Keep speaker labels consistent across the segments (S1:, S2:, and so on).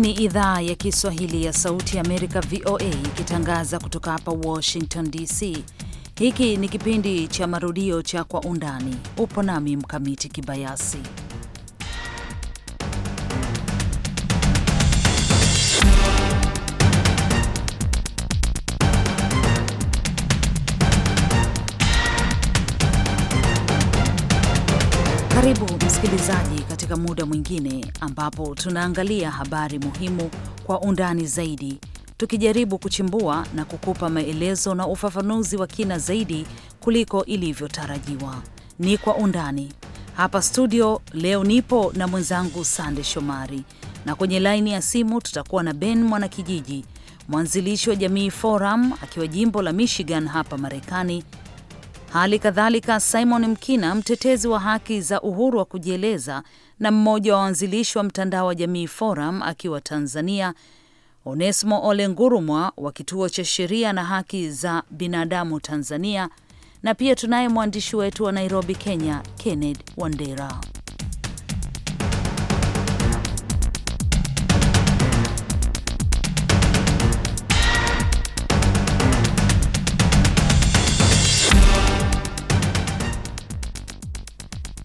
S1: ni idhaa ya Kiswahili ya Sauti ya Amerika, VOA, ikitangaza kutoka hapa Washington DC. Hiki ni kipindi cha marudio cha Kwa Undani. Upo nami Mkamiti Kibayasi. Karibu msikilizaji, katika muda mwingine ambapo tunaangalia habari muhimu kwa undani zaidi, tukijaribu kuchimbua na kukupa maelezo na ufafanuzi wa kina zaidi kuliko ilivyotarajiwa. Ni kwa undani hapa studio leo, nipo na mwenzangu Sande Shomari, na kwenye laini ya simu tutakuwa na Ben Mwanakijiji, mwanzilishi wa Jamii Forum akiwa jimbo la Michigan hapa Marekani, Hali kadhalika Simon Mkina, mtetezi wa haki za uhuru wa kujieleza na mmoja wa waanzilishi wa mtandao wa Jamii Forum akiwa Tanzania, Onesmo Ole Ngurumwa wa Kituo cha Sheria na Haki za Binadamu Tanzania, na pia tunaye mwandishi wetu wa Nairobi, Kenya, Kenneth Wandera.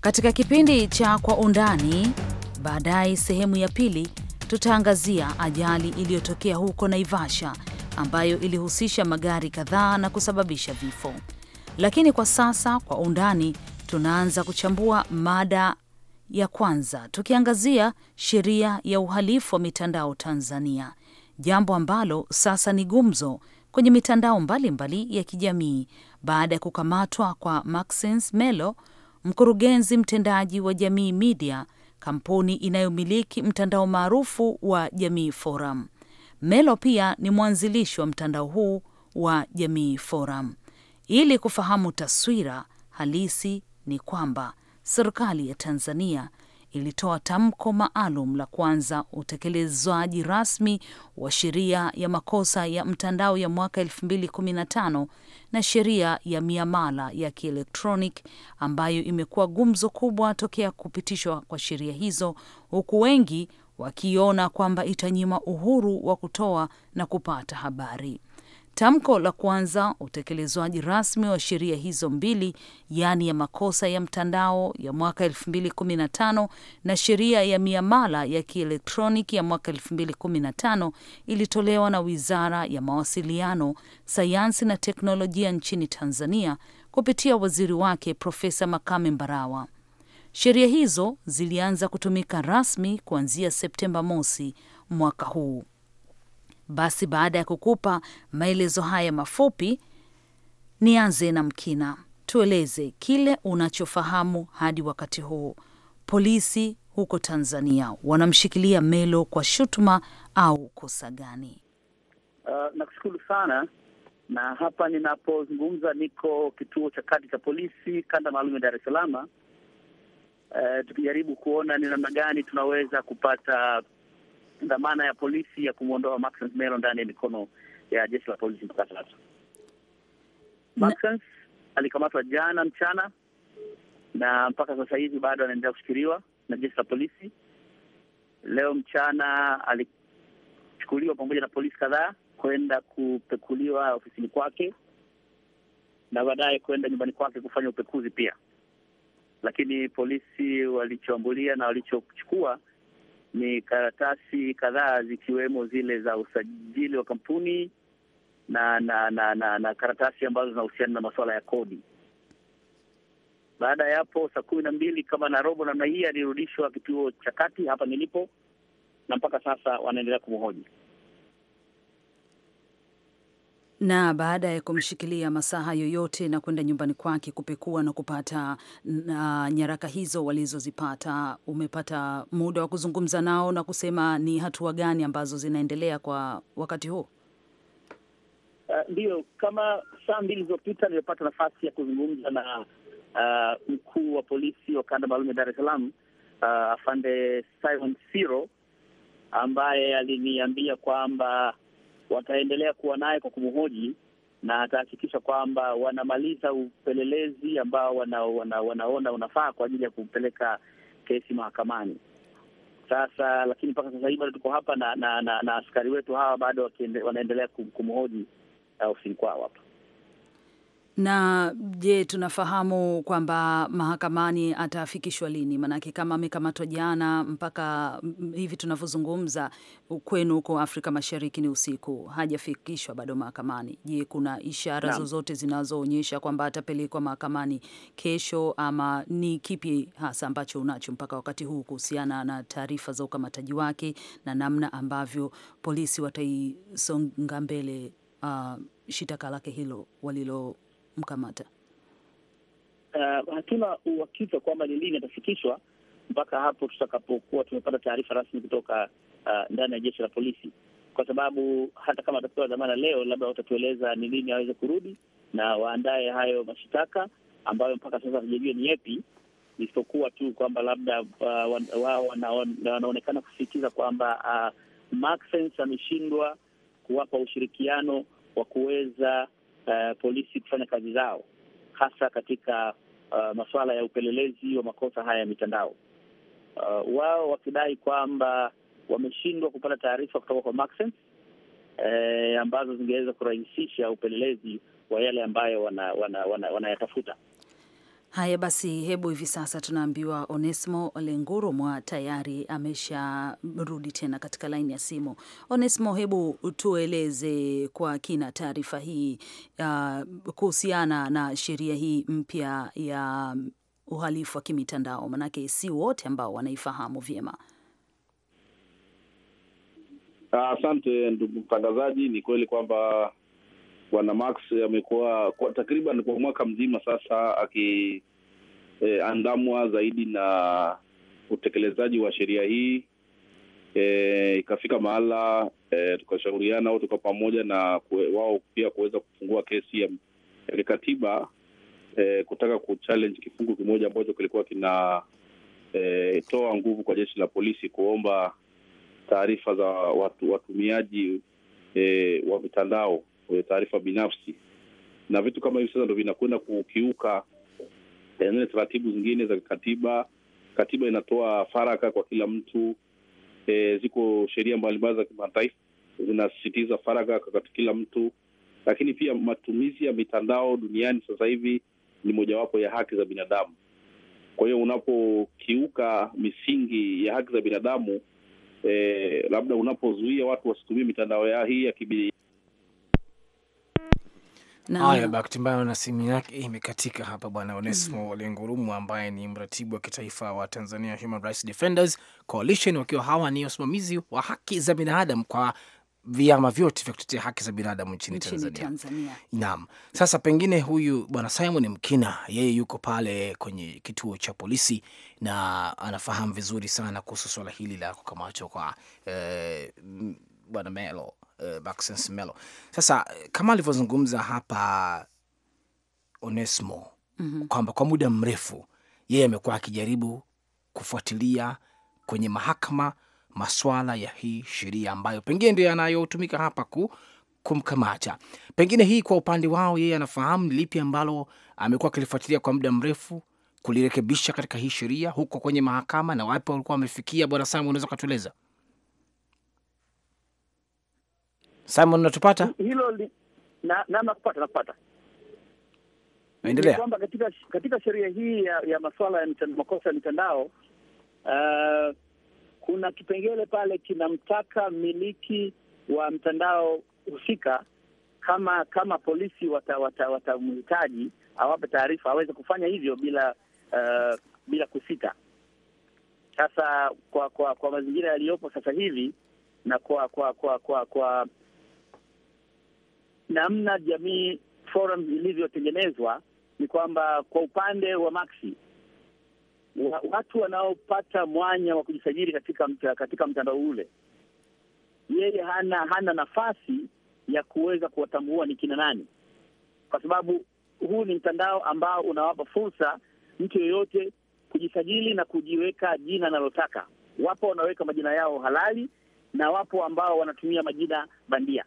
S1: Katika kipindi cha Kwa Undani baadaye, sehemu ya pili, tutaangazia ajali iliyotokea huko Naivasha ambayo ilihusisha magari kadhaa na kusababisha vifo. Lakini kwa sasa, Kwa Undani tunaanza kuchambua mada ya kwanza, tukiangazia sheria ya uhalifu wa mitandao Tanzania, jambo ambalo sasa ni gumzo kwenye mitandao mbalimbali mbali ya kijamii baada ya kukamatwa kwa Maxence Melo mkurugenzi mtendaji wa Jamii Media, kampuni inayomiliki mtandao maarufu wa Jamii Forum. Melo pia ni mwanzilishi wa mtandao huu wa Jamii Forum. Ili kufahamu taswira halisi, ni kwamba serikali ya Tanzania ilitoa tamko maalum la kwanza utekelezwaji rasmi wa sheria ya makosa ya mtandao ya mwaka 2015 na sheria ya miamala ya kielektronic ambayo imekuwa gumzo kubwa tokea kupitishwa kwa sheria hizo, huku wengi wakiona kwamba itanyima uhuru wa kutoa na kupata habari. Tamko la kwanza, utekelezwaji rasmi wa sheria hizo mbili, yaani ya makosa ya mtandao ya mwaka 2015 na sheria ya miamala ya kielektroniki ya mwaka 2015, ilitolewa na Wizara ya Mawasiliano, Sayansi na Teknolojia nchini Tanzania kupitia waziri wake Profesa Makame Mbarawa. Sheria hizo zilianza kutumika rasmi kuanzia Septemba mosi mwaka huu. Basi baada ya kukupa maelezo haya mafupi, nianze na Mkina. Tueleze kile unachofahamu hadi wakati huu. Polisi huko Tanzania wanamshikilia Melo kwa shutuma au kosa gani? Uh, nakushukuru sana na hapa ninapozungumza
S2: niko kituo cha kati cha polisi kanda maalum ya Dar es Salaam, uh, tukijaribu kuona ni namna gani tunaweza kupata dhamana ya polisi ya kumwondoa Maxence Melo ndani ya mikono ya jeshi la polisi mpaka sasa. Maxence alikamatwa jana mchana na mpaka sasa hivi bado anaendelea kushikiliwa na jeshi la polisi. Leo mchana alichukuliwa pamoja na polisi kadhaa kwenda kupekuliwa ofisini kwake na baadaye kwenda nyumbani kwake kufanya upekuzi pia, lakini polisi walichoambulia na walichochukua ni karatasi kadhaa zikiwemo zile za usajili wa kampuni na na na na, na karatasi ambazo zinahusiana na masuala ya kodi. Baada ya hapo saa kumi na mbili kama na robo namna hii alirudishwa kituo cha kati hapa nilipo, na mpaka sasa wanaendelea kumhoji
S1: na baada ya kumshikilia masaha yoyote na kwenda nyumbani kwake kupekua na kupata na nyaraka hizo walizozipata, umepata muda wa kuzungumza nao na kusema ni hatua gani ambazo zinaendelea kwa wakati huu?
S2: Eh, Ndiyo, uh, kama saa mbili zilizopita nimepata nafasi ya kuzungumza na uh, mkuu wa polisi wa kanda maalum ya Dar es Salaam eh, afande Simon Siro ambaye aliniambia kwamba wataendelea kuwa naye kwa kumhoji na atahakikisha kwamba wanamaliza upelelezi ambao wana, wana, wanaona unafaa kwa ajili ya kupeleka kesi mahakamani. Sasa lakini mpaka sasa hivi bado tuko hapa na na, na, na askari wetu hawa bado wanaendelea kumhoji uh, ofisini kwao hapa.
S1: Na je, tunafahamu kwamba mahakamani atafikishwa lini? Maanake kama amekamatwa jana, mpaka hivi tunavyozungumza kwenu huko Afrika Mashariki ni usiku, hajafikishwa bado mahakamani. Je, kuna ishara zozote zinazoonyesha kwamba atapelekwa mahakamani kesho, ama ni kipi hasa ambacho unacho mpaka wakati huu kuhusiana na taarifa za ukamataji wake na namna ambavyo polisi wataisonga mbele uh, shitaka lake hilo walilo mkamata
S2: Uh, hatuna uhakika kwamba ni lini atafikishwa mpaka hapo tutakapokuwa tumepata taarifa rasmi kutoka uh, ndani ya jeshi la polisi, kwa sababu hata kama atapewa dhamana leo, labda watatueleza ni lini aweze kurudi na waandaye hayo mashitaka ambayo mpaka sasa hatujajua ni yepi, isipokuwa tu kwamba labda uh, wao wanaonekana kusisitiza kwamba uh, Maxence ameshindwa kuwapa ushirikiano wa kuweza uh, polisi kufanya kazi zao hasa katika uh, masuala ya upelelezi wa makosa haya ya mitandao uh, wao wakidai kwamba wameshindwa kupata taarifa kutoka kwa Maxen, eh, ambazo zingeweza kurahisisha upelelezi wa yale ambayo wanayatafuta wana, wana, wana
S1: Haya basi, hebu hivi sasa tunaambiwa Onesmo Olengurumwa tayari amesharudi tena katika laini ya simu. Onesmo, hebu tueleze kwa kina taarifa hii uh, kuhusiana na sheria hii mpya ya uhalifu wa kimitandao, manake si wote ambao wanaifahamu vyema.
S3: Asante ndugu mtangazaji, ni kweli kwamba Bwana Max amekuwa kwa takriban kwa mwaka mzima sasa akiandamwa eh, e, zaidi na utekelezaji wa sheria hii e, ikafika mahala e, tukashauriana au tuka pamoja na kwe, wao pia kuweza kufungua kesi ya, ya kikatiba e, kutaka kuchallenge kifungu kimoja ambacho kilikuwa kinatoa e, nguvu kwa jeshi la polisi kuomba taarifa za watu, watumiaji e, wa mitandao kwenye eh, taarifa binafsi, na vitu kama hivi sasa ndo vinakwenda kukiuka eh, zile taratibu zingine za katiba. Katiba inatoa faraka kwa kila mtu. E, ziko sheria mbalimbali za kimataifa zinasisitiza faraka kwa kila mtu, lakini pia matumizi ya mitandao duniani sasa hivi ni mojawapo ya haki za binadamu. Kwa hiyo unapokiuka misingi ya haki za binadamu, e, labda unapozuia watu wasitumie mitandao ya hii ya Haya,
S4: bahati mbaya na simu yake imekatika hapa. Bwana Onesmo mm Olengurumu ambaye ni mratibu wa kitaifa wa Tanzania Human Rights Defenders Coalition, wakiwa hawa ni wasimamizi wa haki za binadamu kwa vyama vyote vya kutetea haki za binadamu nchini Tanzania, Tanzania. Naam, sasa pengine huyu bwana Simon Mkina yeye yuko pale kwenye kituo cha polisi na anafahamu vizuri sana kuhusu swala hili la kukamatwa kwa eh, bwana Melo uh, eh, Maxence Melo. Sasa eh, kama alivyozungumza hapa Onesmo mm -hmm. kwamba kwa muda mrefu yeye amekuwa akijaribu kufuatilia kwenye mahakama maswala ya hii sheria ambayo pengine ndio yanayotumika hapa ku kumkamata. Pengine hii kwa upande wao, yeye anafahamu lipi ambalo amekuwa akilifuatilia kwa muda mrefu kulirekebisha katika hii sheria huko kwenye mahakama, na wapi walikuwa wamefikia? Bwana Sam, unaweza ukatueleza? Simon, unatupata hilo li, na, na nakupata nakupata.
S1: Endelea kwamba
S2: katika, katika sheria hii ya, ya masuala ya makosa ya mitandao uh, kuna kipengele pale kinamtaka mmiliki wa mtandao husika kama kama polisi watamhitaji wata, wata awape taarifa aweze kufanya hivyo bila uh, bila kusita. Sasa kwa kwa, kwa mazingira yaliyopo sasa hivi na kwa kwa kwa kwa, kwa namna jamii forums ilivyotengenezwa ni kwamba kwa upande wa Maxi wa, watu wanaopata mwanya wa kujisajili katika mta, katika mtandao ule, yeye hana hana nafasi ya kuweza kuwatambua ni kina nani, kwa sababu huu ni mtandao ambao unawapa fursa mtu yoyote kujisajili na kujiweka jina analotaka. Wapo wanaweka majina yao halali na wapo ambao wanatumia majina bandia.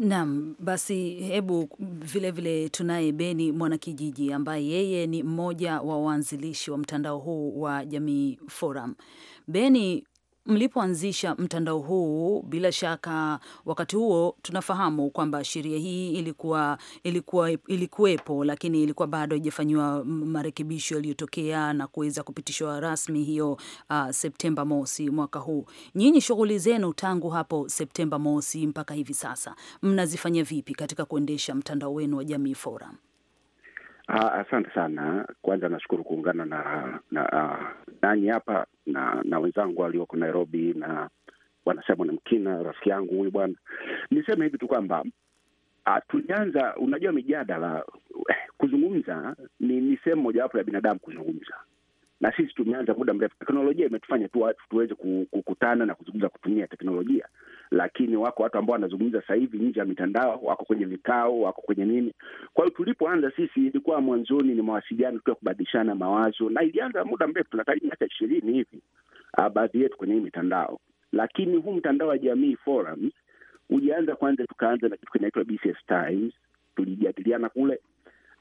S1: Naam, basi hebu vilevile tunaye Beni Mwanakijiji ambaye yeye ni mmoja wa waanzilishi wa mtandao huu wa Jamii Forum. Beni, mlipoanzisha mtandao huu, bila shaka wakati huo tunafahamu kwamba sheria hii ilikuwa ilikuwa ilikuwepo, lakini ilikuwa bado haijafanyiwa marekebisho yaliyotokea na kuweza kupitishwa rasmi hiyo uh, ah, Septemba mosi mwaka huu. Nyinyi shughuli zenu tangu hapo Septemba mosi mpaka hivi sasa mnazifanya vipi katika kuendesha mtandao wenu wa Jamii Forum?
S5: Ah, asante sana. Kwanza nashukuru kuungana na na ah, hapa na na wenzangu walioko Nairobi na bwana Simon Mkina, rafiki yangu huyu bwana. Niseme hivi tu kwamba ah, tulianza, unajua mijadala, eh, kuzungumza ni ni sehemu mojawapo ya binadamu kuzungumza na sisi tumeanza muda mrefu. Teknolojia imetufanya tu watu tuweze kukutana na kuzungumza kutumia teknolojia, lakini wako watu ambao wanazungumza sasa hivi nje ya mitandao, wako kwenye vikao, wako kwenye nini. Kwa hiyo tulipoanza sisi, ilikuwa mwanzoni ni mawasiliano tu ya kubadilishana mawazo, na ilianza muda mrefu, tuna karibu miaka ishirini hivi, ah, baadhi yetu kwenye hii mitandao, lakini huu mtandao wa jamii forums ulianza kwanza, tukaanza na kitu kinaitwa BCS Times, tulijadiliana kule,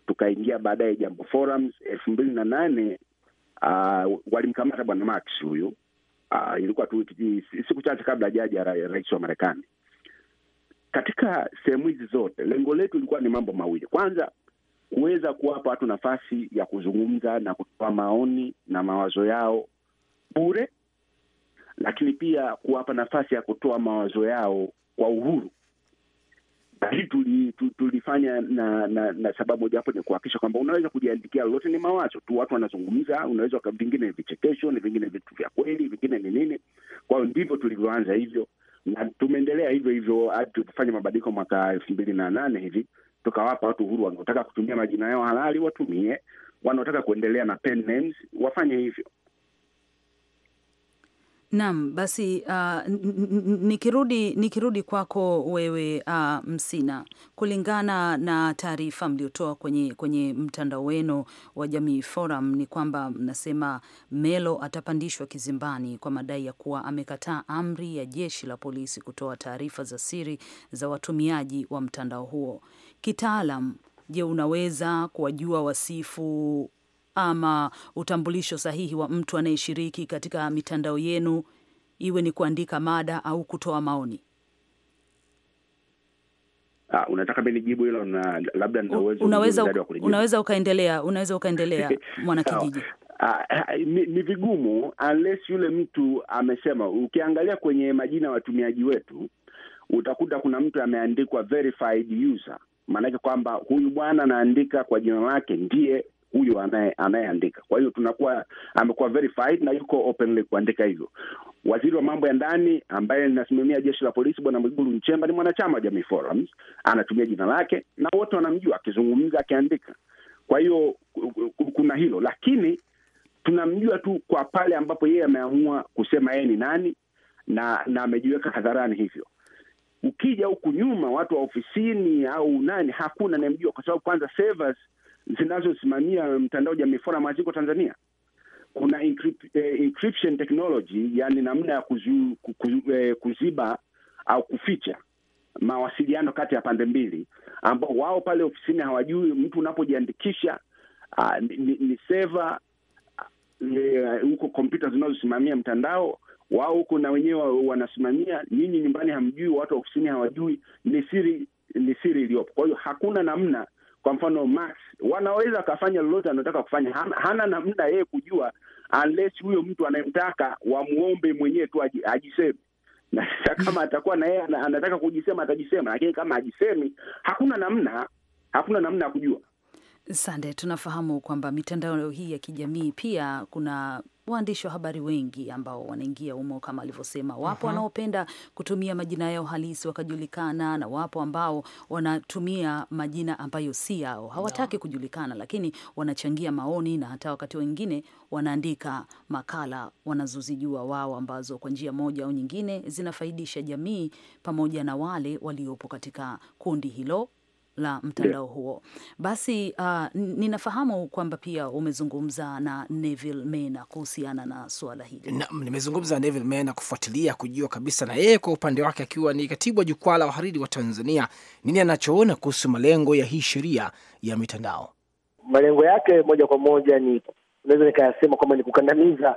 S5: tukaingia baadaye Jambo Forums elfu mbili na nane uh, walimkamata bwana Max huyu uh, ilikuwa tu siku chache kabla jaji ya rais wa Marekani. Katika sehemu hizi zote lengo letu ilikuwa ni mambo mawili, kwanza kuweza kuwapa watu nafasi ya kuzungumza na kutoa maoni na mawazo yao bure, lakini pia kuwapa nafasi ya kutoa mawazo yao kwa uhuru hili tulifanya na, na, na sababu mojawapo ni kuhakikisha kwamba unaweza kujiandikia lolote. Ni mawazo tu, watu wanazungumza, unaweza vingine vichekesho, ni vingine vitu vya kweli, vingine ni nini. Kwa hiyo ndivyo tulivyoanza hivyo, na tumeendelea hivyo hivyo hadi tukifanya mabadiliko mwaka elfu mbili na nane hivi, tukawapa watu uhuru, wanaotaka kutumia majina yao halali watumie, wanaotaka kuendelea na pen names wafanye hivyo.
S1: Naam, basi uh, nikirudi nikirudi kwako wewe uh, Msina, kulingana na taarifa mliotoa kwenye, kwenye mtandao wenu wa Jamii Forum ni kwamba mnasema Melo atapandishwa kizimbani kwa madai ya kuwa amekataa amri ya jeshi la polisi kutoa taarifa za siri za watumiaji wa mtandao huo. Kitaalam, je, unaweza kuwajua wasifu ama utambulisho sahihi wa mtu anayeshiriki katika mitandao yenu, iwe ni kuandika mada au kutoa maoni?
S5: Ah, unataka mimi nijibu hilo na labda nina uwezo unaweza, unaweza
S1: ukaendelea, unaweza ukaendelea mwanakijiji.
S5: Ah, ah, ni, ni vigumu unless yule mtu amesema. Ukiangalia kwenye majina ya watumiaji wetu utakuta kuna mtu ameandikwa verified user, maanake kwamba huyu bwana anaandika kwa jina lake ndiye huyo anayeandika. Kwa hiyo tunakuwa amekuwa verified na yuko openly kuandika hivyo. Waziri wa mambo ya ndani ambaye linasimamia jeshi la polisi Bwana Mwigulu Nchemba ni mwanachama wa Jamii Forums, anatumia jina lake na wote wanamjua akizungumza, akiandika. Kwa hiyo kuna hilo, lakini tunamjua tu kwa pale ambapo yeye ameamua kusema yeye ni nani na na amejiweka hadharani hivyo. Ukija huku nyuma, watu wa ofisini au nani, hakuna anayemjua kwa sababu kwanza servers, zinazosimamia mtandao jamii forum haziko Tanzania. Kuna encrypt, eh, encryption technology, yani namna ya kuzu, kuzu, eh, kuziba au kuficha mawasiliano kati ya pande mbili, ambao wao pale ofisini hawajui. Mtu unapojiandikisha uh, ni, ni seva eh, huko uh, kompyuta zinazosimamia mtandao wao huko na wenyewe wanasimamia. Nyinyi nyumbani hamjui, watu wa ofisini hawajui, ni siri ni siri iliyopo. Kwa hiyo hakuna namna kwa mfano Max, wanaweza akafanya lolote anataka kufanya, hana namna yeye kujua, unless huyo mtu anayemtaka wamwombe mwenyewe tu ajiseme na sasa kama atakuwa na yeye anataka kujisema atajisema, lakini kama ajisemi hakuna namna, hakuna namna ya kujua.
S1: Sande, tunafahamu kwamba mitandao hii ya kijamii pia kuna waandishi wa habari wengi ambao wanaingia humo kama alivyosema, wapo mhm. wanaopenda kutumia majina yao halisi wakajulikana, na wapo ambao wanatumia majina ambayo si yao, hawataki no. kujulikana, lakini wanachangia maoni na hata wakati wengine wanaandika makala wanazozijua wao ambazo kwa njia moja au nyingine zinafaidisha jamii pamoja na wale waliopo katika kundi hilo la mtandao huo. Basi uh, ninafahamu kwamba pia umezungumza na Neville Mena kuhusiana na suala hili. Naam,
S4: nimezungumza na Neville Mena kufuatilia kujua kabisa na yeye kwa upande wake, akiwa ni katibu wa jukwaa la wahariri wa Tanzania, nini anachoona kuhusu malengo ya hii sheria ya mitandao.
S6: Malengo yake moja kwa moja ni, unaweza nikayasema kwamba ni kukandamiza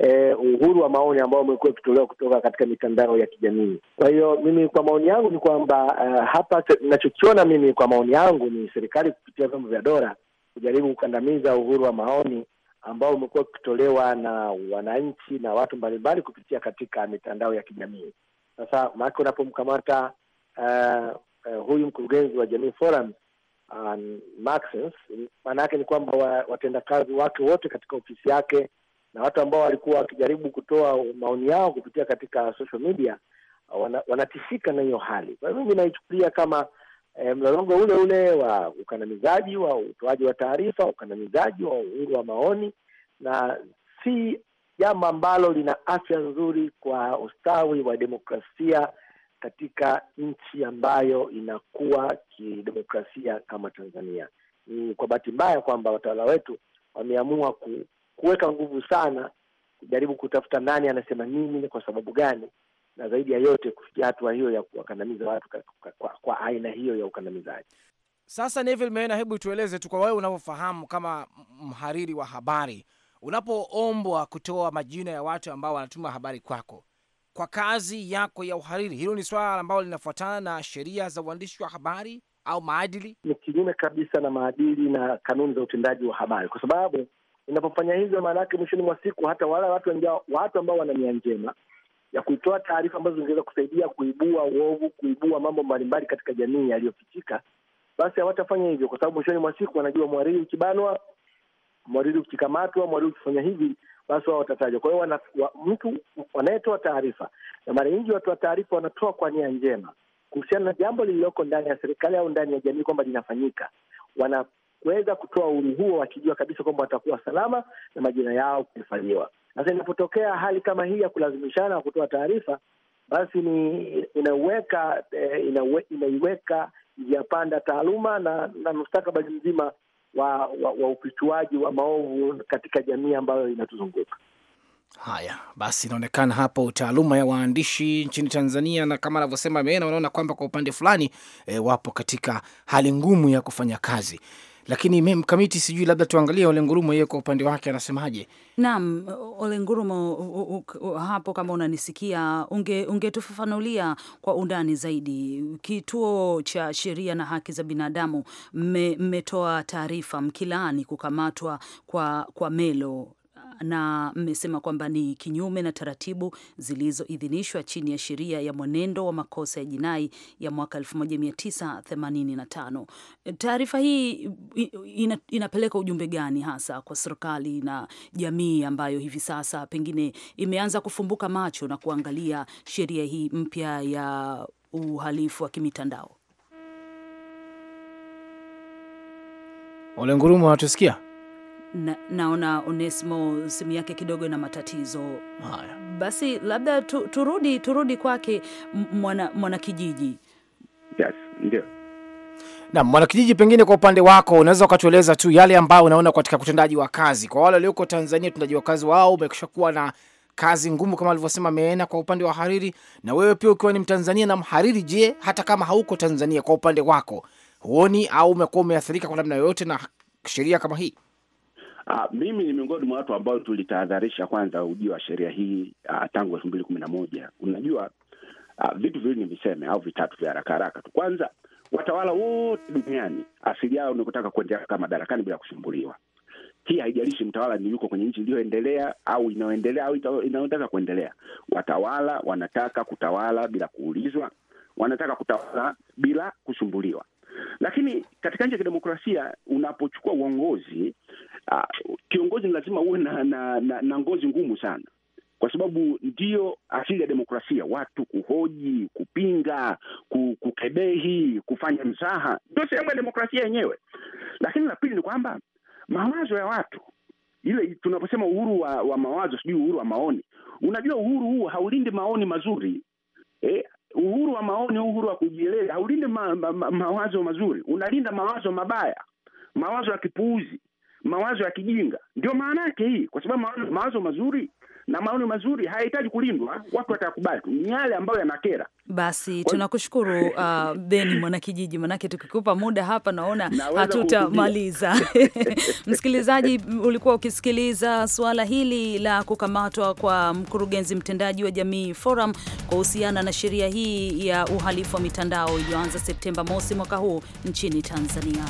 S6: eh, uhuru wa maoni ambao umekuwa ukitolewa kutoka katika mitandao ya kijamii. Kwa hiyo mimi kwa maoni yangu ni kwamba uh, hapa ninachokiona mimi kwa maoni yangu ni serikali kupitia vyombo vya dola kujaribu kukandamiza uhuru wa maoni ambao umekuwa ukitolewa na wananchi na watu mbalimbali kupitia katika mitandao ya kijamii. Sasa maake unapomkamata uh, uh, huyu mkurugenzi wa Jamii Forum um, Maxence, maana yake ni kwamba watendakazi wake wote katika ofisi yake na watu ambao walikuwa wakijaribu kutoa maoni yao kupitia katika social media wana, na hiyo hali. Kwa hivyo mimi naichukulia kama eh, mlolongo ule ule wa ukandamizaji wa utoaji wa taarifa, ukandamizaji wa uhuru wa maoni, na si jambo ambalo lina afya nzuri kwa ustawi wa demokrasia katika nchi ambayo inakuwa kidemokrasia kama Tanzania. Ni kwa bahati mbaya kwamba watawala wetu wameamua kuweka nguvu sana kujaribu kutafuta nani anasema nini, kwa sababu gani, na zaidi ya yote kufikia hatua hiyo ya kuwakandamiza watu kwa, kwa, kwa aina hiyo ya ukandamizaji.
S4: Sasa Neville Meena, hebu tueleze tu kwa wewe unavyofahamu kama mhariri wa habari, unapoombwa kutoa majina ya watu ambao wanatuma habari kwako kwa kazi yako ya uhariri, hilo ni swala ambalo linafuatana na sheria za uandishi wa habari au maadili? Ni
S6: kinyume kabisa na maadili na kanuni za utendaji wa habari, kwa sababu Inapofanya hivyo, maana yake mwishoni mwa siku hata wale watu watu ambao wana nia njema ya kuitoa taarifa ambazo zingeweza kusaidia kuibua uovu, kuibua mambo mbalimbali katika jamii yaliyopichika, basi hawatafanya hivyo, kwa sababu mwishoni mwa siku wanajua mwariri ukibanwa, mwariri ukikamatwa, mwariri ukifanya hivi, basi wao watatajwa. Kwa hiyo wa, mtu wanayetoa taarifa, na mara nyingi wa taarifa wanatoa kwa nia njema kuhusiana na jambo lililoko ndani ya serikali au ndani ya jamii kwamba linafanyika, wana kuweza kutoa uhuru huo, wakijua kabisa kwamba watakuwa salama na majina yao kufanyiwa. Sasa inapotokea hali kama hii ya kulazimishana kutoa taarifa, basi ni inauweka eh, inauwe, inaiweka njia panda taaluma na, na mustakabali mzima wa, wa, wa ufichuaji wa maovu katika jamii ambayo
S4: inatuzunguka. Haya basi, inaonekana hapo taaluma ya waandishi nchini Tanzania, na kama anavyosema Meena, wanaona kwamba kwa upande fulani e, wapo katika hali ngumu ya kufanya kazi lakini mkamiti sijui, labda tuangalie Ole Ngurumo yeye kwa upande wake anasemaje?
S1: Naam, Ole Ngurumo hapo, kama unanisikia, ungetufafanulia unge kwa undani zaidi. Kituo cha Sheria na Haki za Binadamu mmetoa taarifa mkilaani kukamatwa kwa, kwa Melo na mmesema kwamba ni kinyume na taratibu zilizoidhinishwa chini ya sheria ya mwenendo wa makosa ya jinai ya mwaka 1985. Taarifa hii ina, inapeleka ujumbe gani hasa kwa serikali na jamii ambayo hivi sasa pengine imeanza kufumbuka macho na kuangalia sheria hii mpya ya uhalifu wa kimitandao? Ole
S4: Nguruma, wanatusikia?
S1: Na, naona Onesimo simu yake kidogo ina matatizo haya. Basi labda tu, turudi turudi kwake mwana, mwanakijiji.
S4: Yes, ndio na mwanakijiji, pengine kwa upande wako unaweza ukatueleza tu yale ambayo unaona katika utendaji wa kazi kwa wale walioko Tanzania, utendaji wa kazi wao umekwisha kuwa na kazi ngumu kama alivyosema Meena kwa upande wa hariri, na wewe pia ukiwa ni Mtanzania na mhariri, je, hata kama hauko Tanzania, kwa upande wako huoni au umekuwa umeathirika kwa namna yoyote na sheria kama hii?
S5: Ah, mimi ni miongoni mwa watu ambao tulitahadharisha kwanza ujio wa sheria hii uh, tangu elfu mbili kumi na moja. Unajua uh, vitu viwili niviseme au vitatu vya haraka haraka tu. Kwanza, watawala wote duniani asili yao ni kutaka kuendelea madarakani bila kusumbuliwa. Hii haijalishi mtawala ni yuko kwenye nchi iliyoendelea au inayoendelea au inayotaka kuendelea. Watawala wanataka kutawala bila kuulizwa, wanataka kutawala bila kusumbuliwa. Lakini katika nchi ya kidemokrasia unapochukua uongozi uh, kiongozi ni lazima uwe na, na, na, na ngozi ngumu sana, kwa sababu ndiyo asili ya demokrasia, watu kuhoji, kupinga, kukebehi, kufanya mzaha, ndio sehemu ya demokrasia yenyewe. Lakini la pili ni kwamba mawazo ya watu ile tunaposema uhuru wa, wa mawazo sijui uhuru wa maoni, unajua uhuru huu haulindi maoni mazuri eh, uhuru wa maoni au uhuru wa kujieleza haulinde ma, ma, ma, mawazo mazuri, unalinda mawazo mabaya, mawazo ya kipuuzi, mawazo ya kijinga. Ndio maana yake hii, kwa sababu mawazo mazuri na maoni mazuri hayahitaji kulindwa, watu watakubali tu, ni yale ambayo yanakera.
S1: Basi tunakushukuru uh, Beni Mwanakijiji, manake tukikupa muda hapa naona hatutamaliza. Msikilizaji, ulikuwa ukisikiliza suala hili la kukamatwa kwa mkurugenzi mtendaji wa Jamii Forum kuhusiana na sheria hii ya uhalifu wa mitandao iliyoanza Septemba mosi mwaka huu nchini Tanzania.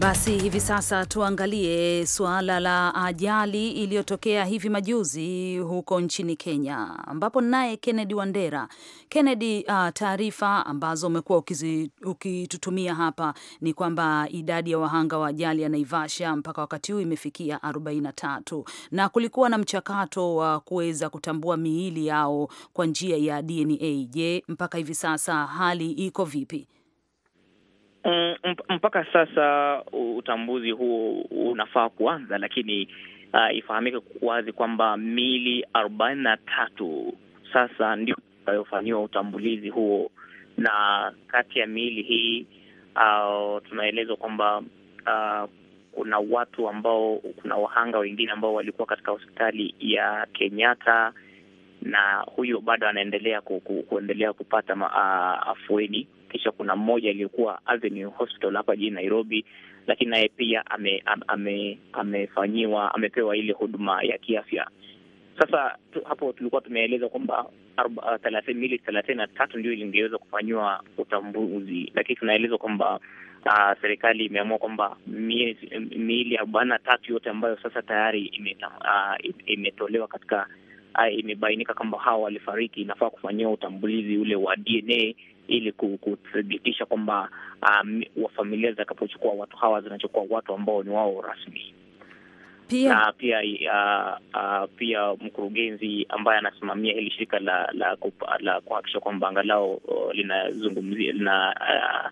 S1: Basi hivi sasa tuangalie suala la ajali iliyotokea hivi majuzi huko nchini Kenya, ambapo naye Kennedy Wandera. Kennedy, uh, taarifa ambazo umekuwa ukitutumia hapa ni kwamba idadi ya wahanga wa ajali ya Naivasha mpaka wakati huu imefikia 43 na kulikuwa na mchakato wa kuweza kutambua miili yao kwa njia ya DNA. Je, mpaka hivi sasa hali iko vipi?
S7: Mm, um, mpaka sasa utambuzi huo unafaa kuanza, lakini uh, ifahamike wazi kwamba mili arobaini na tatu sasa ndio itakayofanyiwa utambulizi huo, na kati ya miili hii uh, tunaelezwa kwamba uh, kuna watu ambao, kuna wahanga wengine ambao walikuwa katika hospitali ya Kenyatta, na huyo bado anaendelea ku, ku, kuendelea kupata uh, afueni kisha kuna mmoja iliyokuwa Avenue Hospital hapa jijini Nairobi, lakini naye pia ame, ame, amefanyiwa amepewa ile huduma ya kiafya. Sasa tu, hapo tulikuwa tumeeleza kwamba ah, milioni thelathini na tatu ndio ilingeweza kufanyiwa utambuzi, lakini tunaelezwa kwamba uh, serikali imeamua kwamba miili arobaini na tatu yote ambayo sasa tayari imetolewa uh, imetolewa katika Ah, imebainika kwamba hawa walifariki, inafaa kufanyia utambulizi ule wa DNA ili kuthibitisha kwamba um, ah, wafamilia zitakapochukua watu hawa zinachukua watu ambao ni wao rasmi. Pia na pia uh, uh, pia mkurugenzi ambaye anasimamia hili shirika la la, la kuhakikisha kwamba angalau oh, linazungumzia lina uh,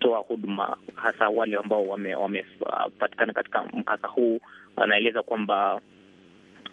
S7: toa huduma hasa wale ambao wamepatikana wame, uh, katika mkasa huu, anaeleza kwamba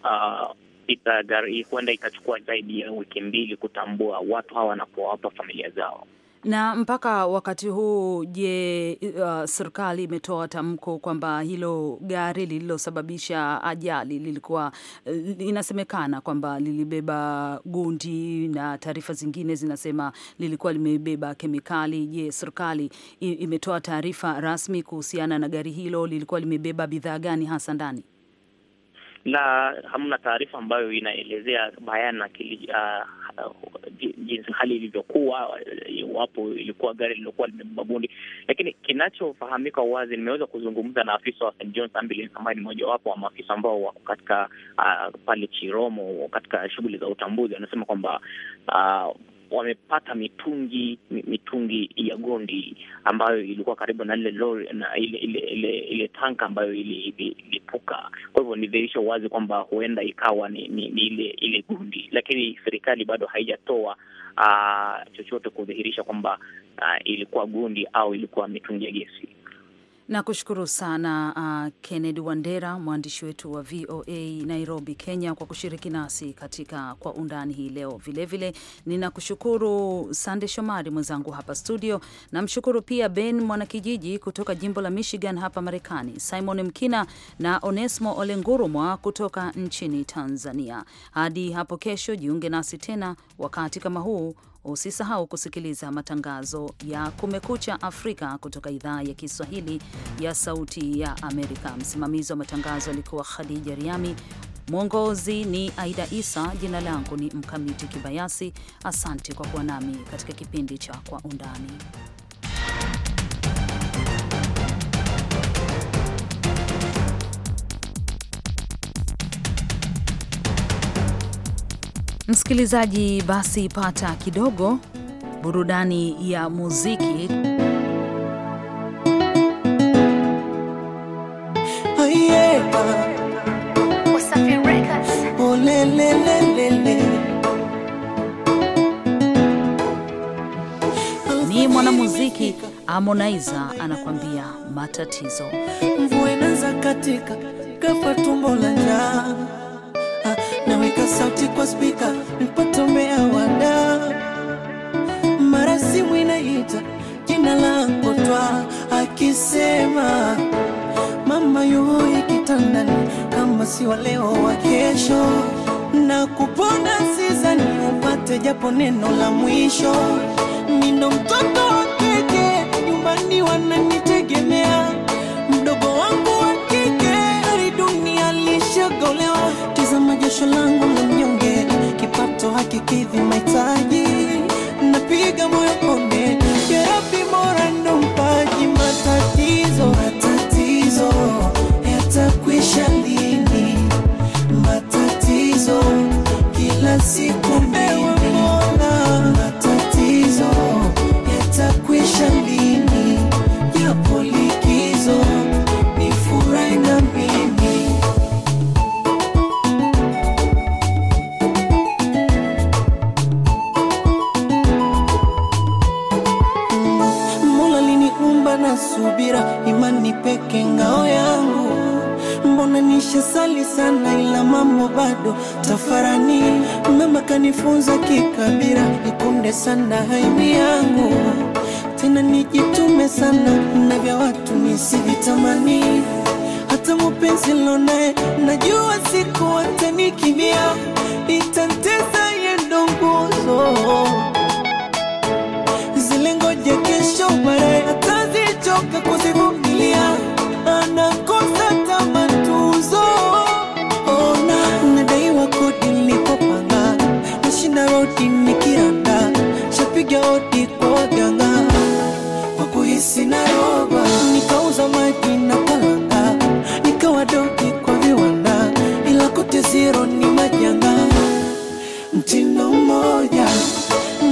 S7: uh, ikafika gari huenda ikachukua zaidi ya wiki mbili kutambua watu hawa wanapowapa familia zao.
S1: Na mpaka wakati huu, je, uh, serikali imetoa tamko kwamba hilo gari lililosababisha ajali lilikuwa uh, inasemekana kwamba lilibeba gundi na taarifa zingine zinasema lilikuwa limebeba kemikali. Je, serikali imetoa taarifa rasmi kuhusiana na gari hilo, lilikuwa limebeba bidhaa gani hasa ndani?
S7: na hamna taarifa ambayo inaelezea bayana kili, uh, jinsi hali ilivyokuwa, iwapo ilikuwa gari lililokuwa limebeba bundi. Lakini kinachofahamika wazi, nimeweza kuzungumza na afisa wa St John's Ambulance ambaye ni mojawapo wa maafisa ambao wako katika uh, pale Chiromo katika shughuli za utambuzi, anasema kwamba uh, wamepata mitungi mitungi ya gondi ambayo ilikuwa karibu na ile lori na ile ile ile, ile tanka ambayo ilipuka. Kwa hivyo ni dhihirisho wazi kwamba huenda ikawa ni, ni, ni ile ile gondi, lakini serikali bado haijatoa ah, chochote kudhihirisha kwamba ah, ilikuwa gondi au ilikuwa mitungi ya gesi.
S1: Nakushukuru sana uh, Kennedy Wandera, mwandishi wetu wa VOA Nairobi, Kenya, kwa kushiriki nasi katika Kwa Undani hii leo. Vilevile ninakushukuru Sande Shomari, mwenzangu hapa studio. Namshukuru pia Ben Mwanakijiji kutoka jimbo la Michigan hapa Marekani, Simon Mkina na Onesmo Olengurumwa kutoka nchini Tanzania. Hadi hapo kesho, jiunge nasi tena wakati kama huu Usisahau kusikiliza matangazo ya Kumekucha Afrika kutoka idhaa ya Kiswahili ya Sauti ya Amerika. Msimamizi wa matangazo alikuwa Khadija Riami, mwongozi ni Aida Isa. Jina langu ni Mkamiti Kibayasi. Asante kwa kuwa nami katika kipindi cha Kwa Undani. Msikilizaji, basi pata kidogo burudani ya muziki. Eh, ah. Oh yeah. Ni mwanamuziki Harmonize anakwambia matatizo.
S8: Mvua inaanza katika kafa tumbo la njaa kuweka sauti kwa spika nilipotomea wada, mara simu inaita jina langu Twa, akisema mama yuhi kitandani, kama siwa leo wa kesho, na kupona sizani upate japo neno la mwisho. nino mtoto wa kike nyumbani, wananitegemea mdogo wangu wa kike, ari dunia alishagolewa, tazama jasho langu kipato hakikidhi mahitaji, napiga moyo konde mbali sana, ila mambo bado tafarani. Mama kanifunza kikabira ikunde sana haini yangu tena, nijitume sana na vya watu nisivitamani. Hata mupenzi lonaye najua siku watanikibia, itanteza yendo nguzo zile, ngoja kesho baadaye atazichoka kuzivumilia ana sina roba, nikauza maji na kuwanga, nikawa dogi kwa viwanda, ila kote zero ni majanga. Mtindo mmoja,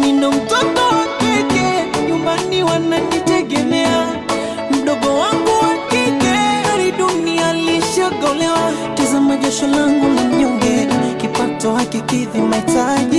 S8: nina mtoto wa kike, nyumbani wananitegemea, mdogo wangu wa kike ari dunia alishagolewa. Tazama jasho langu la mnyonge, kipato hakikidhi mahitaji